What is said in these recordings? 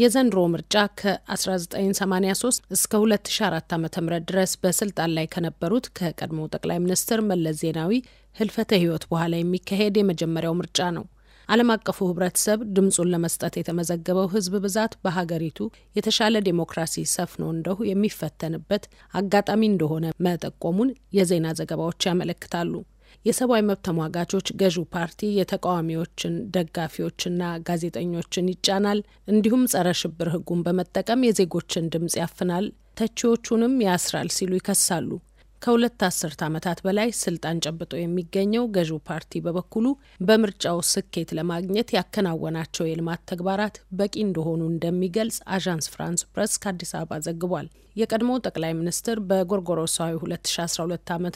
የዘንድሮ ምርጫ ከ1983 እስከ 2004 ዓ ም ድረስ በስልጣን ላይ ከነበሩት ከቀድሞ ጠቅላይ ሚኒስትር መለስ ዜናዊ ህልፈተ ህይወት በኋላ የሚካሄድ የመጀመሪያው ምርጫ ነው። ዓለም አቀፉ ህብረተሰብ ድምፁን ለመስጠት የተመዘገበው ህዝብ ብዛት በሀገሪቱ የተሻለ ዴሞክራሲ ሰፍኖ እንደሁ የሚፈተንበት አጋጣሚ እንደሆነ መጠቆሙን የዜና ዘገባዎች ያመለክታሉ። የሰብአዊ መብት ተሟጋቾች ገዢው ፓርቲ የተቃዋሚዎችን ደጋፊዎችና ጋዜጠኞችን ይጫናል፣ እንዲሁም ጸረ ሽብር ህጉን በመጠቀም የዜጎችን ድምጽ ያፍናል፣ ተቺዎቹንም ያስራል ሲሉ ይከሳሉ። ከሁለት አስርት ዓመታት በላይ ስልጣን ጨብጦ የሚገኘው ገዢው ፓርቲ በበኩሉ በምርጫው ስኬት ለማግኘት ያከናወናቸው የልማት ተግባራት በቂ እንደሆኑ እንደሚገልጽ አዣንስ ፍራንስ ፕረስ ከአዲስ አበባ ዘግቧል። የቀድሞው ጠቅላይ ሚኒስትር በጎርጎሮሳዊ 2012 ዓ ም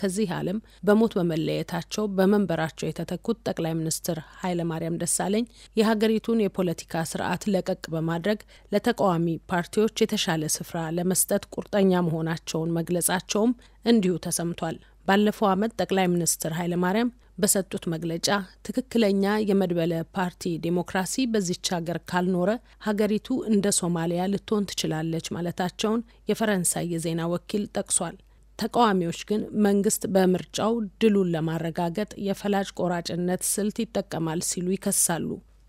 ከዚህ ዓለም በሞት በመለየታቸው በመንበራቸው የተተኩት ጠቅላይ ሚኒስትር ኃይለማርያም ደሳለኝ የሀገሪቱን የፖለቲካ ስርዓት ለቀቅ በማድረግ ለተቃዋሚ ፓርቲዎች የተሻለ ስፍራ ለመስጠት ቁርጠኛ መሆናቸውን መግለጻቸውም እንዲሁ ተሰምቷል። ባለፈው ዓመት ጠቅላይ ሚኒስትር ኃይለማርያም በሰጡት መግለጫ ትክክለኛ የመድበለ ፓርቲ ዴሞክራሲ በዚች ሀገር ካልኖረ ሀገሪቱ እንደ ሶማሊያ ልትሆን ትችላለች ማለታቸውን የፈረንሳይ የዜና ወኪል ጠቅሷል። ተቃዋሚዎች ግን መንግስት በምርጫው ድሉን ለማረጋገጥ የፈላጭ ቆራጭነት ስልት ይጠቀማል ሲሉ ይከሳሉ።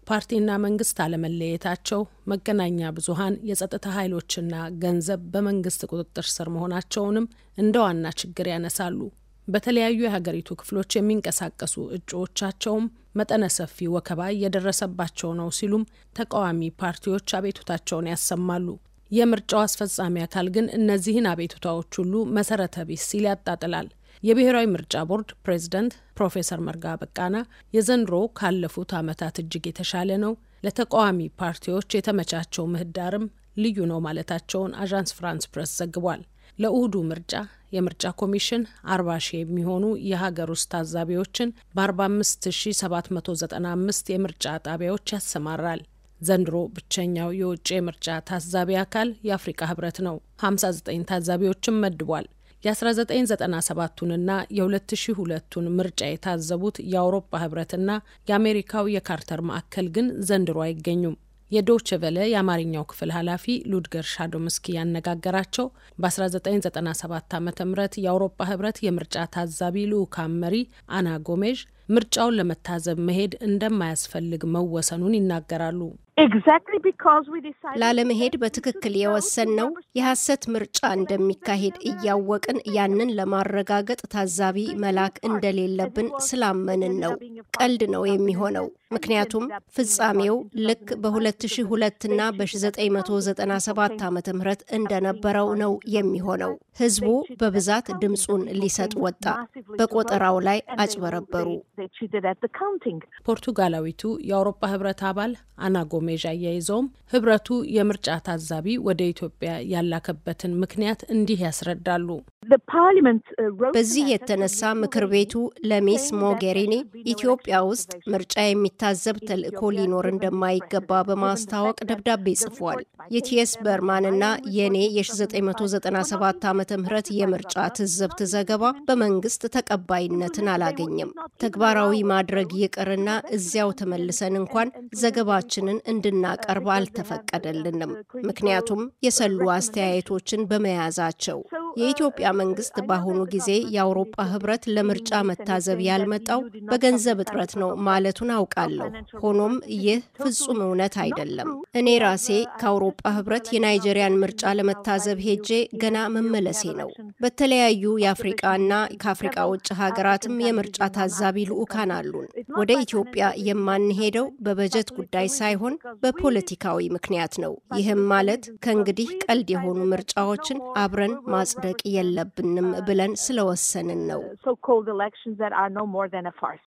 ፓርቲና መንግስት አለመለየታቸው፣ መገናኛ ብዙሀን፣ የጸጥታ ኃይሎችና ገንዘብ በመንግስት ቁጥጥር ስር መሆናቸውንም እንደ ዋና ችግር ያነሳሉ። በተለያዩ የሀገሪቱ ክፍሎች የሚንቀሳቀሱ እጩዎቻቸውም መጠነ ሰፊ ወከባ እየደረሰባቸው ነው ሲሉም ተቃዋሚ ፓርቲዎች አቤቱታቸውን ያሰማሉ። የምርጫው አስፈጻሚ አካል ግን እነዚህን አቤቱታዎች ሁሉ መሰረተ ቢስ ሲል ያጣጥላል። የብሔራዊ ምርጫ ቦርድ ፕሬዝደንት ፕሮፌሰር መርጋ በቃና የዘንድሮ ካለፉት ዓመታት እጅግ የተሻለ ነው፣ ለተቃዋሚ ፓርቲዎች የተመቻቸው ምህዳርም ልዩ ነው ማለታቸውን አዣንስ ፍራንስ ፕሬስ ዘግቧል። ለእሁዱ ምርጫ የምርጫ ኮሚሽን 40 ሺህ የሚሆኑ የሀገር ውስጥ ታዛቢዎችን በ45795 የምርጫ ጣቢያዎች ያሰማራል። ዘንድሮ ብቸኛው የውጭ የምርጫ ታዛቢ አካል የአፍሪካ ህብረት ነው። 59 ታዛቢዎችም መድቧል። የ1997ቱንና የ2002ቱን ምርጫ የታዘቡት የአውሮፓ ህብረትና የአሜሪካው የካርተር ማዕከል ግን ዘንድሮ አይገኙም። የዶችቨለ የአማርኛው ክፍል ኃላፊ ሉድገር ሻዶምስኪ ያነጋገራቸው በ1997 ዓ ም የአውሮፓ ህብረት የምርጫ ታዛቢ ልዑካን መሪ አና ጎሜዥ ምርጫውን ለመታዘብ መሄድ እንደማያስፈልግ መወሰኑን ይናገራሉ። ላለመሄድ በትክክል የወሰንነው የሐሰት ምርጫ እንደሚካሄድ እያወቅን ያንን ለማረጋገጥ ታዛቢ መላክ እንደሌለብን ስላመንን ነው። ቀልድ ነው የሚሆነው። ምክንያቱም ፍጻሜው ልክ በ2002 እና በ1997 ዓ.ም እንደነበረው ነው የሚሆነው። ህዝቡ በብዛት ድምፁን ሊሰጥ ወጣ። በቆጠራው ላይ አጭበረበሩ። ፖርቱጋላዊቱ የአውሮፓ ህብረት አባል አናጎ ሜዣ አያይዘውም ህብረቱ የምርጫ ታዛቢ ወደ ኢትዮጵያ ያላከበትን ምክንያት እንዲህ ያስረዳሉ። Uh, በዚህ የተነሳ ምክር ቤቱ ለሚስ ሞጌሪኒ ኢትዮጵያ ውስጥ ምርጫ የሚታዘብ ተልእኮ ሊኖር እንደማይገባ በማስታወቅ ደብዳቤ ጽፏል። የቲኤስ በርማንና የኔ የ1997 ዓ ም የምርጫ ትዝብት ዘገባ በመንግስት ተቀባይነትን አላገኘም። ተግባራዊ ማድረግ ይቅርና እዚያው ተመልሰን እንኳን ዘገባችንን እንድናቀርብ uh, uh, አልተፈቀደልንም። ምክንያቱም የሰሉ አስተያየቶችን በመያዛቸው የኢትዮጵያ መንግስት በአሁኑ ጊዜ የአውሮፓ ህብረት ለምርጫ መታዘብ ያልመጣው በገንዘብ እጥረት ነው ማለቱን አውቃለሁ። ሆኖም ይህ ፍጹም እውነት አይደለም። እኔ ራሴ ከአውሮፓ ህብረት የናይጄሪያን ምርጫ ለመታዘብ ሄጄ ገና መመለሴ ነው። በተለያዩ የአፍሪቃና ከአፍሪቃ ውጭ ሀገራትም የምርጫ ታዛቢ ልዑካን አሉን። ወደ ኢትዮጵያ የማንሄደው በበጀት ጉዳይ ሳይሆን በፖለቲካዊ ምክንያት ነው። ይህም ማለት ከእንግዲህ ቀልድ የሆኑ ምርጫዎችን አብረን ማጽደ መጽደቅ የለብንም ብለን ስለወሰንን ነው።